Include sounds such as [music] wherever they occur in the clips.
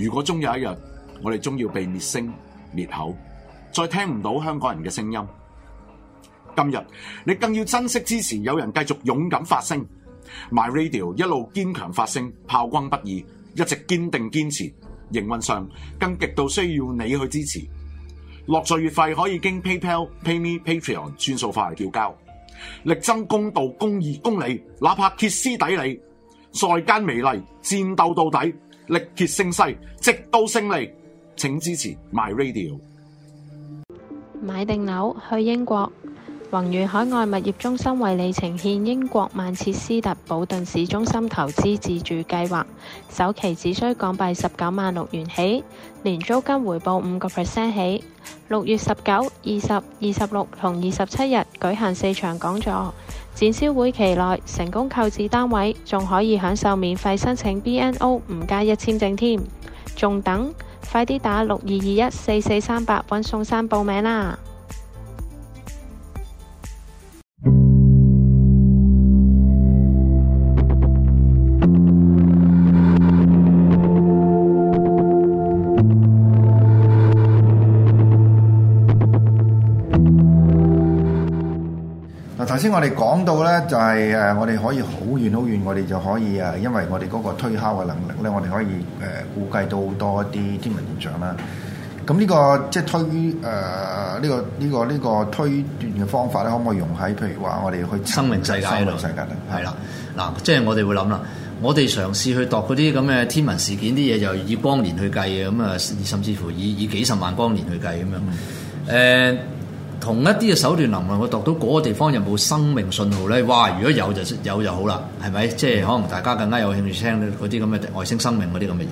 如果終有一日，我哋終要被滅聲滅口，再聽唔到香港人嘅聲音。今日你更要珍惜支持，有人繼續勇敢發聲，My Radio 一路堅強發聲，炮轟不已，一直堅定堅持。營運上更極度需要你去支持，落座月費可以經 PayPal、PayMe、Patreon 轉數快嚟繳交。力爭公道、公義、公理，哪怕歇斯底里，再奸美利戰鬥到底。力竭勝勢，直到勝利！請支持 My Radio。買定樓去英國，宏遠海外物業中心為你呈獻英國曼徹斯特保頓市中心投資自住計劃，首期只需港幣十九萬六元起，年租金回報五個 percent 起。六月十九、二十、二十六同二十七日舉行四場講座。展銷會期內成功購置單位，仲可以享受免費申請 BNO，唔加一簽證添，仲等？快啲打六二二一四四三八揾宋生報名啦！先我哋講到咧，就係誒，我哋可以好遠好遠，我哋就可以誒，因為我哋嗰個推敲嘅能力咧，我哋可以誒估計到好多一啲天文現象啦。咁、呃、呢、呢個即係推誒呢個呢、呢個呢、呢個推斷嘅方法咧，可唔可以用喺譬如話我哋去生命世界？生命世界啊，係啦，嗱，即係我哋會諗啦，我哋嘗試去度嗰啲咁嘅天文事件啲嘢，就以光年去計嘅，咁啊，甚至乎以以幾十萬光年去計咁樣誒。嗯呃同一啲嘅手段，能唔能夠度到嗰個地方有冇生命信號咧？哇！如果有就有就好啦，係咪？即係可能大家更加有興趣聽嗰啲咁嘅外星生命嗰啲咁嘅嘢。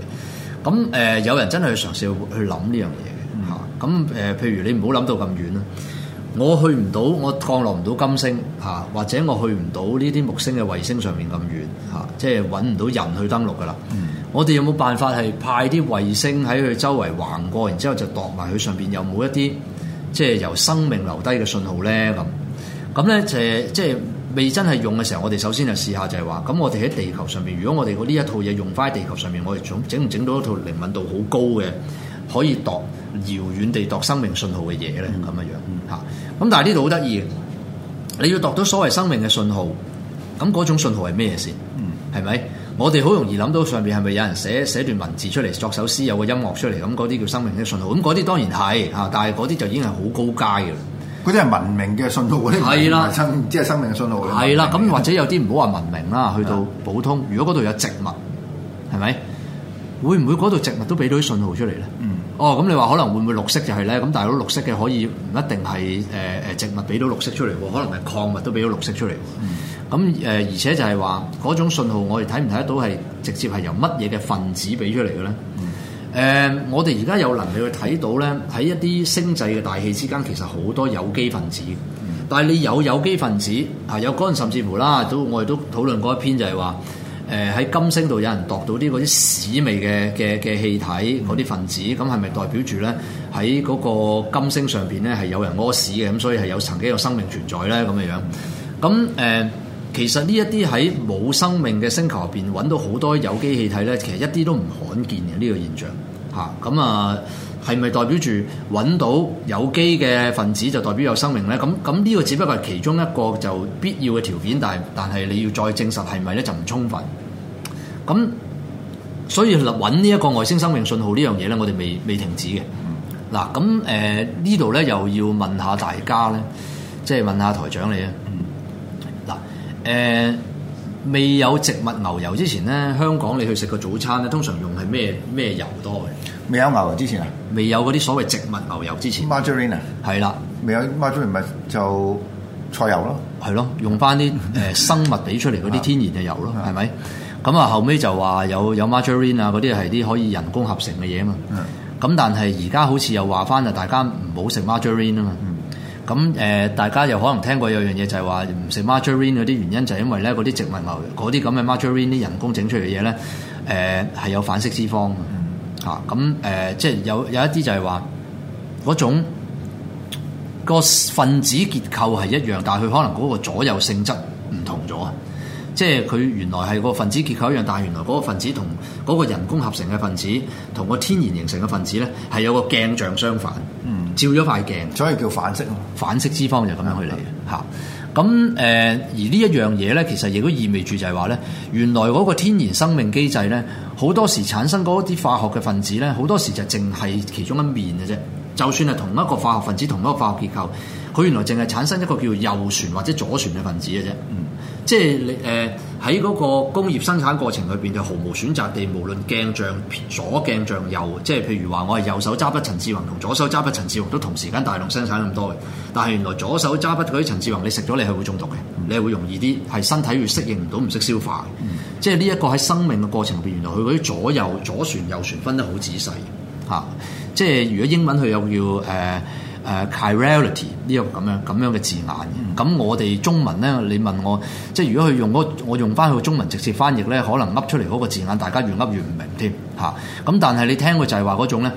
咁誒、呃，有人真係去嘗試去諗呢樣嘢嘅嚇。咁誒、嗯啊，譬如你唔好諗到咁遠啦。我去唔到，我降落唔到金星嚇、啊，或者我去唔到呢啲木星嘅衛星上面咁遠嚇、啊，即係揾唔到人去登陸㗎啦。嗯、我哋有冇辦法係派啲衛星喺佢周圍橫過，然之後就度埋佢上邊有冇一啲？即係由生命留低嘅信號咧咁，咁咧就即係未真係用嘅時候，我哋首先就試下就係話，咁我哋喺地球上面，如果我哋呢一套嘢用翻喺地球上面，我哋仲整唔整到一套靈敏度好高嘅，可以度遙遠地度生命信號嘅嘢咧咁嘅樣嚇。咁但係呢度好得意嘅，你要度到所謂生命嘅信號，咁嗰種信號係咩嘢先？嗯，係咪？我哋好容易諗到上邊係咪有人寫寫段文字出嚟作首詩，有個音樂出嚟咁，嗰啲叫生命嘅信號。咁嗰啲當然係嚇，但係嗰啲就已經係好高階嘅，嗰啲係文明嘅信號。嗰啲係啦，的即係生命嘅信號。係啦的，咁或者有啲唔好話文明啦，去到普通。的如果嗰度有植物，係咪會唔會嗰度植物都俾到啲信號出嚟咧？嗯，哦，咁你話可能會唔會綠色就係咧？咁但係都綠色嘅可以唔一定係誒誒植物俾到綠色出嚟喎，可能係礦物都俾到綠色出嚟。嗯咁誒，而且就係話嗰種信號我，嗯呃，我哋睇唔睇得到係直接係由乜嘢嘅分子俾出嚟嘅咧？誒，我哋而家有能力去睇到咧，喺一啲星際嘅大氣之間，其實好多有機分子。但係你有有機分子啊，有嗰陣甚至乎啦，都我哋都討論過一篇就，就係話誒喺金星度有人度到啲嗰啲屎味嘅嘅嘅氣體嗰啲分子，咁係咪代表住咧喺嗰個金星上邊咧係有人屙屎嘅？咁所以係有曾經有生命存在咧咁嘅樣。咁、嗯、誒。嗯嗯呃其實呢一啲喺冇生命嘅星球入邊揾到好多有機氣體呢，其實一啲都唔罕見嘅呢個現象嚇。咁啊，係咪代表住揾到有機嘅分子就代表有生命呢？咁咁呢個只不過係其中一個就必要嘅條件，但係但係你要再證實係咪呢就唔充分。咁所以揾呢一個外星生命信號呢樣嘢呢，我哋未未停止嘅。嗱咁誒呢度呢又要問下大家呢，即係問下台長你啊。誒未有植物牛油之前咧，香港你去食個早餐咧，通常用係咩咩油多嘅？未有牛油之前啊？未有嗰啲所謂植物牛油之前？Margarine 啊？係啦了，未有 Margarine 咪就菜油咯，係咯，用翻啲誒生物俾出嚟嗰啲天然嘅油咯，係咪 [laughs] 吧？咁啊，後尾就話有有 Margarine 啊嗰啲係啲可以人工合成嘅嘢啊嘛。咁的但係而家好似又話翻就大家唔好食 Margarine 啊嘛。咁誒，大家又可能聽過有樣嘢，就係話唔食 margarine 嗰啲原因，就係因為咧嗰啲植物油、嗰啲咁嘅 margarine 啲人工整出嚟嘅嘢咧，誒係有反式脂肪嘅嚇。咁誒，即係有有一啲就係話嗰種、個分子結構係一樣，但係佢可能嗰個左右性質唔同咗。即係佢原來係個分子結構一樣，但係原來嗰個分子同嗰個人工合成嘅分子同個天然形成嘅分子咧，係有個鏡像相反。嗯照咗塊鏡，所以叫反式反式脂肪就咁樣去嚟嚇。咁誒的、呃，而一呢一樣嘢咧，其實亦都意味住就係話咧，原來嗰個天然生命機制咧，好多時產生嗰啲化學嘅分子咧，好多時就淨係其中一面嘅啫。就算係同一個化學分子，同一個化學結構，佢原來淨係產生一個叫右旋或者左旋嘅分子嘅啫。嗯，即係你誒。呃。喺嗰個工業生產過程裏邊，就毫無選擇地，無論鏡像左鏡像右，即係譬如話，我係右手揸筆陳志宏同左手揸筆陳志宏都同時間大量生產咁多嘅。但係原來左手揸筆嗰啲陳志宏，你食咗你係會中毒嘅，你係會容易啲，係身體會適應唔到，唔識消化嘅。嗯、即係呢一個喺生命嘅過程入邊，原來佢嗰啲左右左旋右旋分得好仔細嚇、啊。即係如果英文佢又要。誒、呃。誒、uh，Chirality 呢、這個咁樣咁樣嘅字眼嘅。咁，嗯、我哋中文咧，你問我即係如果佢用嗰我用翻佢中文直接翻譯咧，可能噏出嚟嗰個字眼，大家越噏越唔明添嚇。咁、嗯、但係你聽佢就係話嗰種咧，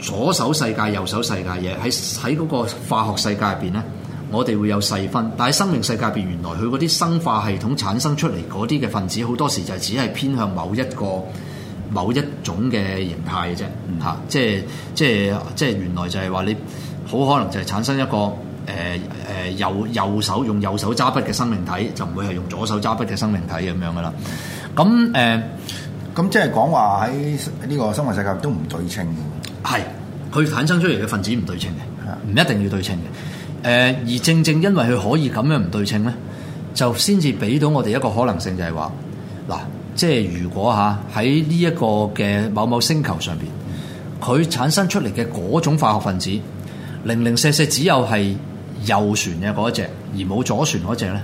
左手世界右手世界嘢喺喺嗰個化學世界入邊咧，我哋會有細分，但係生命世界入邊原來佢嗰啲生化系統產生出嚟嗰啲嘅分子，好多時就係只係偏向某一個某一種嘅形態嘅啫嚇，即係即係即係原來就係話你。好可能就係產生一個誒誒、呃呃、右右手用右手揸筆嘅生命體，就唔會係用左手揸筆嘅生命體咁樣噶啦。咁誒咁即係講話喺呢個生物世界都唔對稱。係，佢產生出嚟嘅分子唔對稱嘅，唔一定要對稱嘅。誒、呃、而正正因為佢可以咁樣唔對稱咧，就先至俾到我哋一個可能性就，就係話嗱，即係如果嚇喺呢一個嘅某某星球上面，佢產生出嚟嘅嗰種化學分子。零零四四只有係右旋嘅嗰隻，而冇左旋嗰隻咧，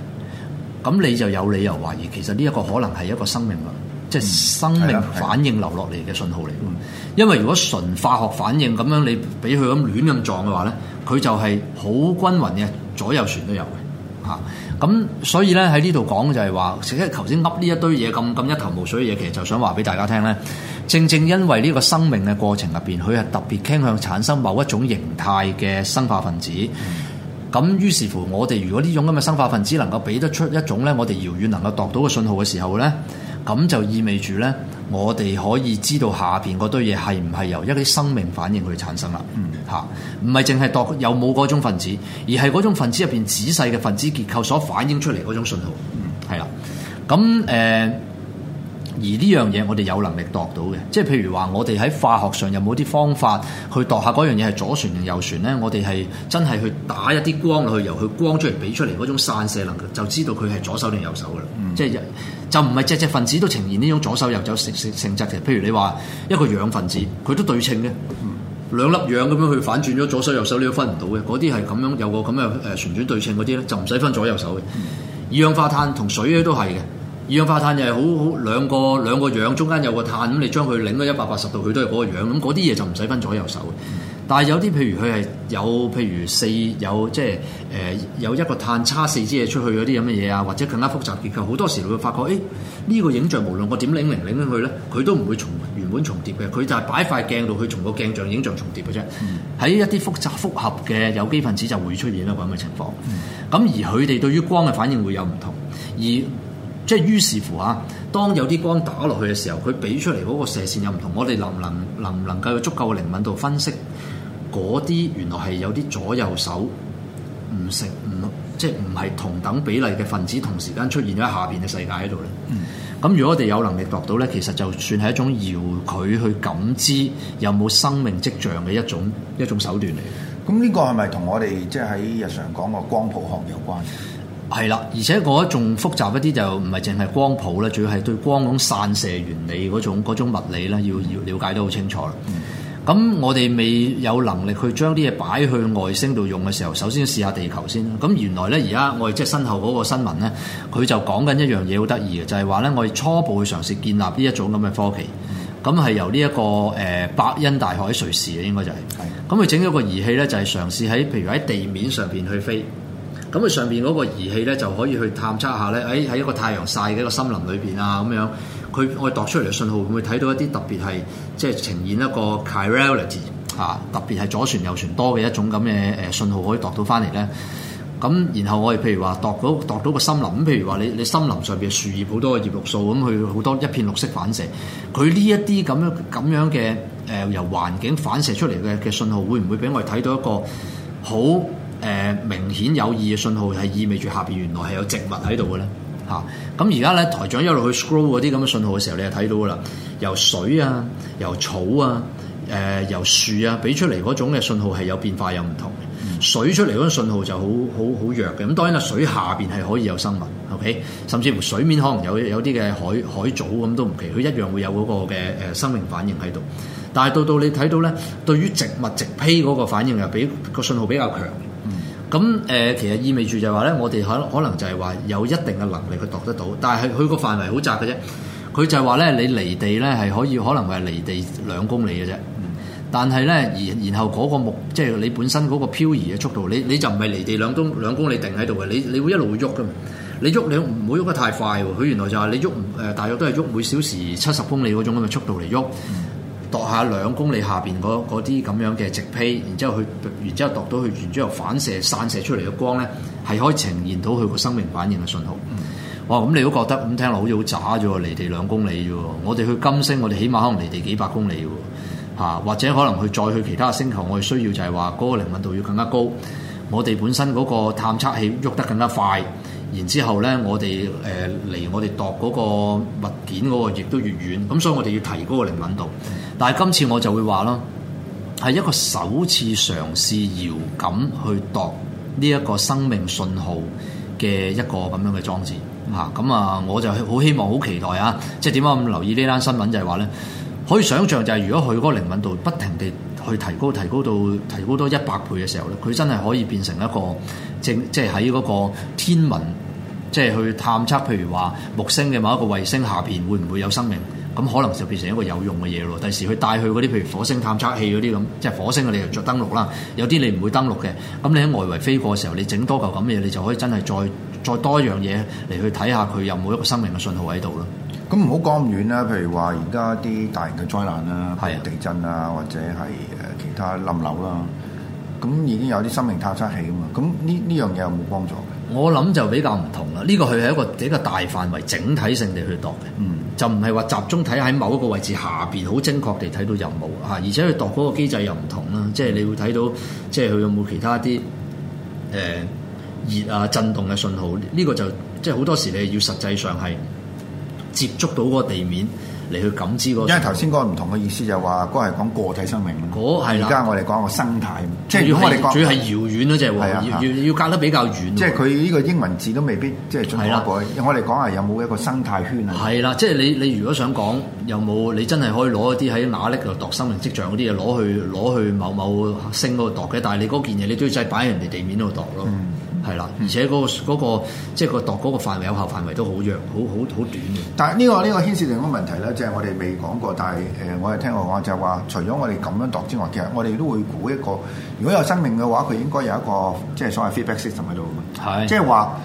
咁你就有理由懷疑，其實呢一個可能係一個生命、嗯、即係生命反應留落嚟嘅信號嚟。嗯，因為如果純化學反應咁樣，你俾佢咁亂咁撞嘅話咧，佢就係好均勻嘅，左右旋都有嘅。吓，咁所以咧，喺呢度講就係話，其實頭先噏呢一堆嘢咁咁一頭霧水嘅嘢，其實就想話俾大家聽咧。正正因為呢個生命嘅過程入邊，佢係特別傾向產生某一種形態嘅生化分子。咁、嗯、於是乎，我哋如果呢種咁嘅生化分子能夠俾得出一種咧，我哋遙遠能夠度到嘅信號嘅時候咧，咁就意味住咧，我哋可以知道下邊嗰堆嘢係唔係由一啲生命反應去產生啦。嚇、嗯，唔係淨係度有冇嗰種分子，而係嗰種分子入邊仔細嘅分子結構所反映出嚟嗰種信號。嗯，係啦。咁誒。呃而呢樣嘢我哋有能力度到嘅，即係譬如話，我哋喺化學上有冇啲方法去度下嗰樣嘢係左旋定右旋咧？我哋係真係去打一啲光落去，由佢光出嚟俾出嚟嗰種散射能力，就知道佢係左手定右手噶啦。嗯、即係就唔係隻隻分子都呈現呢種左手右手性性性質嘅。譬如你話一個氧分子，佢都對稱嘅，嗯、兩粒氧咁樣去反轉咗左手右手你都分唔到嘅。嗰啲係咁樣有個咁嘅誒旋轉對稱嗰啲咧，就唔使分左右手嘅。二、嗯、氧化碳同水咧都係嘅。二氧化碳又係好好兩個兩個氧中間有個碳，咁你將佢擰到一百八十度，佢都係嗰個樣。咁嗰啲嘢就唔使分左右手嘅。但係有啲譬如佢係有譬如四有即係誒有一個碳叉四支嘢出去嗰啲咁嘅嘢啊？或者更加複雜結構，好多時你會發覺呢個影像，無論我點擰嚟擰去咧，佢都唔會重原本重疊嘅。佢就係擺喺塊鏡度，佢從個鏡像影像重疊嘅啫。喺一啲複雜複合嘅有機分子就會出現啦咁嘅情況。咁而佢哋對於光嘅反應會有唔同而。即係於是乎啊，當有啲光打落去嘅時候，佢俾出嚟嗰個射線又唔同，我哋能唔能能唔能夠有足夠嘅靈敏度分析嗰啲原來係有啲左右手唔食唔即係唔係同等比例嘅分子同時間出現咗喺下邊嘅世界喺度咧？咁、嗯、如果我哋有能力度到咧，其實就算係一種遙距去感知有冇生命跡象嘅一種一種手段嚟。咁呢個係咪同我哋即係喺日常講個光譜學有關？係啦，而且我仲複雜一啲就唔係淨係光譜咧，主要係對光嗰種散射原理嗰種嗰種物理咧，要要瞭解得好清楚啦。咁、mm hmm. 我哋未有能力去將啲嘢擺去外星度用嘅時候，首先試下地球先。咁原來咧，而家我哋即係身後嗰個新聞咧，佢就講緊一樣嘢好得意嘅，就係話咧，我哋初步去嘗試建立呢一種咁嘅科技。咁係、mm hmm. 由呢、這、一個誒伯、呃、恩大學喺瑞士咧，應該就係、是。咁佢整咗個儀器咧，就係、是、嘗試喺譬如喺地面上邊去飛。咁佢上邊嗰個儀器咧，就可以去探測下咧，喺、哎、喺一個太陽曬嘅一個森林裏邊啊，咁樣，佢我哋度出嚟嘅信號會唔會睇到一啲特別係，即、就、係、是、呈現一個 chirality、啊、特別係左旋右旋多嘅一種咁嘅誒信號可以度到翻嚟咧。咁然後我哋譬如話度到度到個森林，譬如話你你森林上邊樹葉好多嘅葉綠素，咁佢好多一片綠色反射，佢呢一啲咁樣咁樣嘅誒、呃、由環境反射出嚟嘅嘅信號，會唔會俾我哋睇到一個好，誒、呃、明顯有意嘅信號係意味住下邊原來係有植物喺度嘅咧嚇。咁而家咧台長一路去 scroll 嗰啲咁嘅信號嘅時候，你就睇到噶啦，由水啊、由草啊、誒、呃、由樹啊俾出嚟嗰種嘅信號係有變化，有唔同嘅水出嚟嗰種信號就好好好弱嘅。咁當然啦，水下邊係可以有生物，OK？甚至乎水面可能有有啲嘅海海藻咁都唔奇，佢一樣會有嗰個嘅誒生命反應喺度。但係到你到你睇到咧，對於植物植胚嗰個反應又比個信號比較強。咁誒、嗯，其實意味住就係話咧，我哋可可能就係話有一定嘅能力去度得到，但係佢個範圍好窄嘅啫。佢就係話咧，你離地咧係可以可能係離地兩公里嘅啫。但係咧，然然後嗰、嗰個目即係你本身嗰個漂移嘅速度，你你就唔係離地兩公兩公里定喺度嘅，你你會一路喐㗎。你喐你唔好喐得太快喎。佢原來就係你喐誒，大約都係喐每小時七十公里嗰種咁嘅速度嚟喐。嗯度下兩公里下邊嗰啲咁樣嘅直劈，然之後去，然之後度到佢，完之後反射散射出嚟嘅光咧，係可以呈現到佢個生命反應嘅信號。哇！咁、嗯、你都覺得咁、嗯、聽落好似好渣啫，離地兩公里啫。我哋去金星，我哋起碼可能離地幾百公里喎、啊。或者可能去再去其他星球，我哋需要就係話嗰個靈敏度要更加高。我哋本身嗰個探測器喐得更加快。然之後咧，我哋誒離我哋度嗰個物件嗰個亦都越遠，咁所以我哋要提高嗰個靈敏度。但係今次我就會話咯，係一個首次嘗試遙感去度呢一個生命信號嘅一個咁樣嘅裝置嗱。咁啊，我就好希望好期待啊！即係點解咁留意呢單新聞？就係話咧，可以想像就係如果佢嗰個靈敏度不停地，去提高提高到提高多一百倍嘅時候咧，佢真係可以變成一個正即係喺嗰個天文，即係去探測譬如話木星嘅某一個衛星下邊會唔會有生命？咁可能就變成一個有用嘅嘢咯。第時佢帶去嗰啲譬如火星探測器嗰啲咁，即係火星你又着登陸啦，有啲你唔會登陸嘅。咁你喺外圍飛過嘅時候，你整多嚿咁嘅嘢，你就可以真係再再多一樣嘢嚟去睇下佢有冇一個生命嘅信號喺度咯。咁唔好講咁遠啦，譬如話而家啲大型嘅災難啦，的地震啊，或者係誒其他冧樓啦，咁已經有啲生命探測器啊嘛，咁呢呢樣嘢有冇幫助嘅？我諗就比較唔同啦，呢個佢係一個比較大範圍、整體性地去度嘅，嗯，就唔係話集中睇喺某一個位置下邊，好精確地睇到有冇啊，而且佢度嗰個機制又唔同啦，即係你會睇到，即係佢有冇其他啲誒、呃、熱啊、震動嘅信號，呢、呢個就即係好多時你要實際上係，接觸到個地面嚟去感知個，因為頭先嗰個唔同嘅意思就係話嗰係講個體生命咯。嗰係而家我哋講個生態，即係如果我哋主要係遙遠咯，即係要隔得比較遠。即係佢呢個英文字都未必即係準確。的我哋講下有冇一個生態圈啊？係啦，即係你你如果想講有冇，你真係可以攞一啲喺瓦礫度度生命跡象嗰啲嘢攞去攞去某某星嗰度度嘅，但係你嗰件嘢你都要制擺喺人哋地面度度咯。嗯。係啦，而且嗰、嗰個即係、個度嗰個範圍有效範圍都好弱，好好好短嘅。但係、呢個、呢個呢、呢個牽涉另一個問題咧，即、就、係、係、我哋未講過，但係誒、呃、我哋聽過話就係、係、話，除咗我哋咁樣度之外，其實我哋都會估一個，如果有生命嘅話，佢應該有一個即係所謂 feedback system 喺度嘅，即係話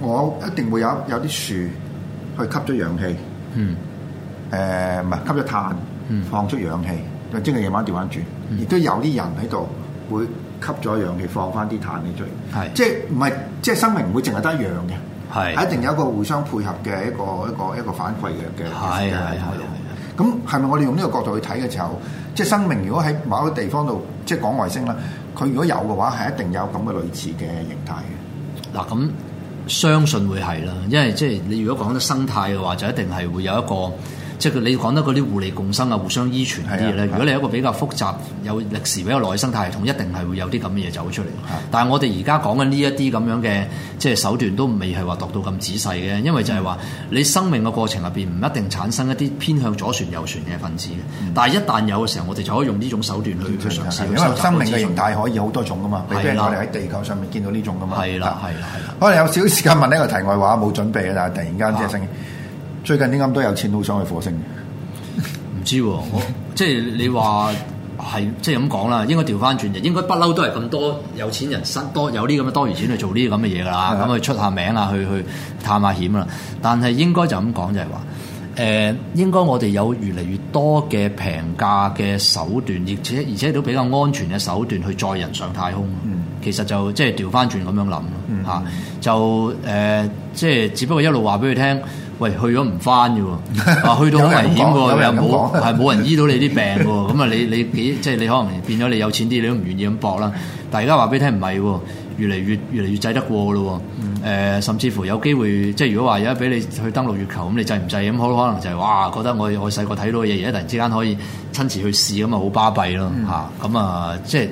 我一定會有有啲樹去吸咗氧氣。嗯。誒唔係吸咗碳。放出氧氣，即係夜晚調翻轉，亦都、嗯、有啲人喺度。會吸咗氧氣，放翻啲碳氣出嚟。係是，即係唔係即係生命唔會淨係得一樣嘅。係是，一定有一個互相配合嘅一個一個一個反饋嘅嘅。係係係。咁係咪我哋用呢個角度去睇嘅時候，即係生命如果喺某個地方度，即係講外星啦，佢如果有嘅話，係一定有咁嘅類似嘅形態嘅。嗱，咁相信會係啦，因為即係你如果講到生態嘅話，就一定係會有一個。即係你講得嗰啲互利共生啊、互相依存啲嘢咧。的如果你一個比較複雜、有歷史比較內生態系統，一定係會有啲咁嘅嘢走出嚟。的但係我哋而家講緊呢一啲咁樣嘅，即係手段都未係話度到咁仔細嘅。因為就係話，你生命嘅過程入邊唔一定產生一啲偏向左旋右旋嘅分子嘅。的但係一旦有嘅時候，我哋就可以用呢種手段去嘗試去。因為生命嘅形態可以好多種噶嘛。係啦，我哋喺地球上面見到呢種噶嘛。係啦的，係啦，係啦。我哋有少少時間問一個題外話，冇準備嘅，但係突然間即係最近啲咁多有錢，好想去火星嘅、啊？唔知喎，我即係你話係即係咁講啦，應該調翻轉嘅，應該不嬲都係咁多有錢人，多有啲咁嘅多餘錢去做呢啲咁嘅嘢㗎啦，咁是的 去出下名啊，去去探下險啦。但係應該就咁講，就係話誒，應該我哋有越嚟越多嘅平價嘅手段，而且而且都比較安全嘅手段去載人上太空。嗯、其實就即係調翻轉咁樣諗啦、嗯啊，就誒、呃，即係只不過一路話俾佢聽，去咗唔翻㗎喎，啊，去到好危險㗎喎，又冇， [laughs] 係冇人醫到你啲病喎，咁啊，你你幾，即係你可能變咗你有錢啲，你都唔願意咁搏啦。但係而家話俾你聽，唔係喎，越嚟越越嚟越制得過咯喎，呃，甚至乎有機會，即係如果話而家俾你去登陸月球，咁你制唔制？咁好可能就係哇，覺得我我細個睇到嘅嘢，而家突然之間可以親自去試，咁、嗯、啊，好巴閉咯嚇。咁啊，即係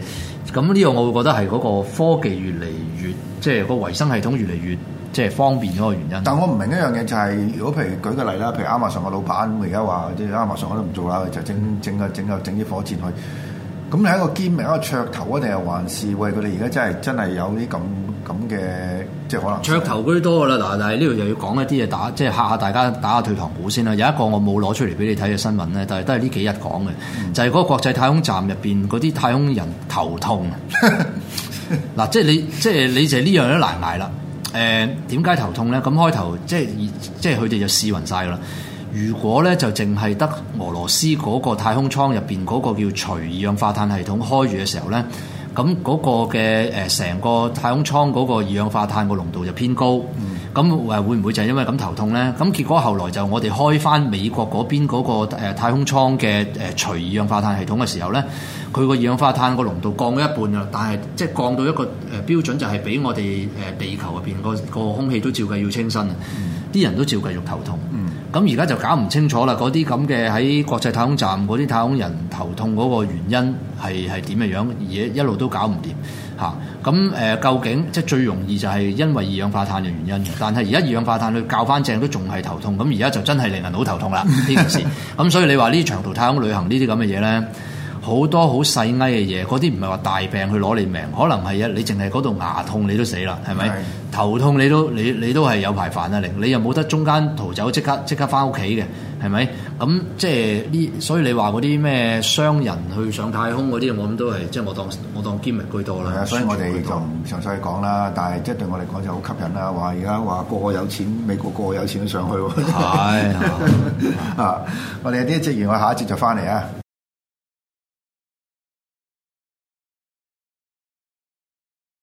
咁呢個，我會覺得係嗰個科技越嚟越，即係個維生系統越嚟越。即係方便咗個原因。但我唔明一樣嘢就係，如果譬如舉個例啦，譬如亞馬遜個老闆，佢而家話即係亞馬遜我都唔做啦，就整整個整個整啲火箭去。咁你係一個堅名一個噱頭啊，定係還是喂佢哋而家真係真係有啲咁咁嘅即係可能？噱頭居多㗎啦，嗱，但係呢度又要講一啲嘢打，即係嚇嚇大家打下退堂鼓先啦。有一個我冇攞出嚟俾你睇嘅新聞咧，但係都係呢幾日講嘅，嗯、就係嗰個國際太空站入邊嗰啲太空人頭痛。嗱， [laughs] 即係你即係你就係呢樣都難挨啦。誒點解頭痛呢？咁開頭即係即係佢哋就試勻晒啦。如果呢，就淨係得俄羅斯嗰個太空艙入邊嗰個叫除二氧化碳系統開住嘅時候呢，咁嗰個嘅誒成個太空艙嗰個二氧化碳個濃度就偏高。嗯咁誒會唔會就係因為咁頭痛咧？咁結果後來就我哋開翻美國嗰邊嗰個太空艙嘅誒除二氧化碳系統嘅時候咧，佢個二氧化碳個濃度降咗一半啦，但係即係降到一個誒標準，就係比我哋誒地球入邊個個空氣都照計要清新啊！啲、嗯、人都照計要頭痛。咁而家就搞唔清楚啦，嗰啲咁嘅喺國際太空站嗰啲太空人頭痛嗰個原因係係點嘅樣？而一路都搞唔掂嚇。嗯咁誒、嗯，究竟即係最容易就係因為二氧化碳嘅原因，但係而家二氧化碳去校翻正都仲係頭痛，咁而家就真係令人好頭痛啦呢 [laughs] 件事。咁所以你話呢啲長途太空旅行這這呢啲咁嘅嘢咧？好多好細埃嘅嘢，嗰啲唔係話大病去攞你命，可能係呀你淨係嗰度牙痛你都死啦，係咪？是的 頭痛你都你你都係有排煩啊，你你又冇得中間逃走，刻刻是是即刻即刻翻屋企嘅，係咪？咁即係呢？所以你話嗰啲咩商人去上太空嗰啲，我諗都係即係我當我當 game 居多啦。的所以我哋就唔詳細講啦。但係即係對我嚟講就好吸引啦。話而家話個個有錢，美國個個,個有錢都上去喎。啊，我哋有啲職員我下一節就翻嚟啊。